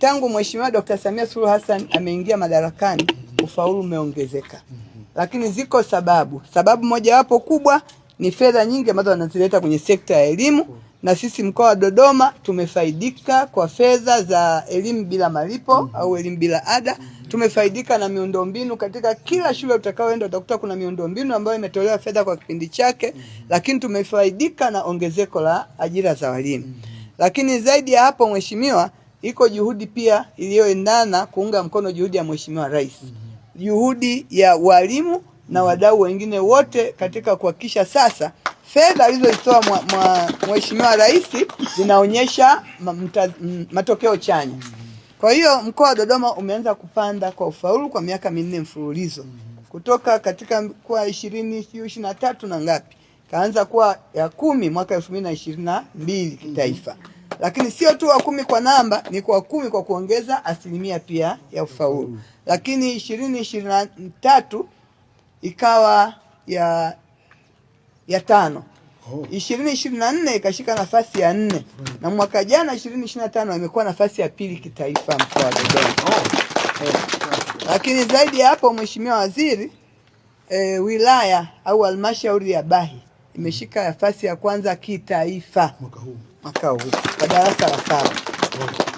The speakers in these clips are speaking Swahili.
Tangu Mheshimiwa Dr. Samia Suluhu Hassan ameingia madarakani, ufaulu umeongezeka, lakini ziko sababu. Sababu mojawapo kubwa ni fedha nyingi ambazo wanazileta kwenye sekta ya elimu, na sisi mkoa wa Dodoma tumefaidika kwa fedha za elimu bila malipo mm -hmm. au elimu bila ada mm -hmm. tumefaidika na miundombinu katika kila shule utakaoenda utakuta kuna miundombinu ambayo imetolewa fedha kwa kipindi chake mm -hmm. lakini tumefaidika na ongezeko la ajira za walimu mm -hmm. lakini zaidi ya hapo mheshimiwa iko juhudi pia iliyoendana kuunga mkono juhudi ya Mheshimiwa Rais, mhm. juhudi ya walimu na mhm. wadau wengine wote katika kuhakikisha sasa fedha alizozitoa Mheshimiwa Rais zinaonyesha matokeo chanya. Mhm. Kwa hiyo mkoa wa Dodoma umeanza kupanda kwa ufaulu kwa miaka minne mfululizo kutoka katika kwa ishirini sijui ishirini na tatu na ngapi kaanza kuwa ya kumi mwaka elfu mbili na ishirini na mbili kitaifa. Lakini sio tu wa kumi kwa namba, ni kwa kumi kwa kuongeza asilimia pia ya ufaulu. Lakini ishirini ishirini na tatu ikawa ya ya tano oh. ishirini ishirini na nne ikashika nafasi ya nne na mwaka jana ishirini ishirini na tano amekuwa nafasi ya pili kitaifa mkoa wa Dodoma. Oh. Eh. Lakini zaidi ya hapo, Mheshimiwa Waziri, eh, wilaya au halmashauri ya Bahi imeshika nafasi ya kwanza kitaifa mwaka huu kwa darasa la saba.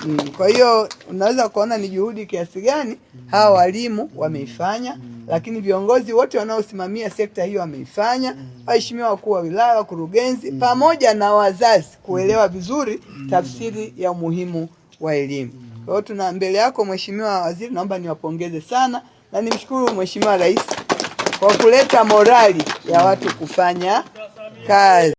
Mm, kwa hiyo unaweza kuona ni juhudi kiasi gani mm. hawa walimu wameifanya mm. lakini viongozi wote wanaosimamia sekta hiyo wameifanya mm. waheshimiwa wakuu wa wilaya, wakurugenzi mm. pamoja na wazazi kuelewa mm. vizuri mm. tafsiri ya umuhimu wa elimu mm. kwa hiyo tuna mbele yako Mheshimiwa Waziri, naomba niwapongeze sana na nimshukuru Mheshimiwa Rais kwa kuleta morali ya mm. watu kufanya Guys.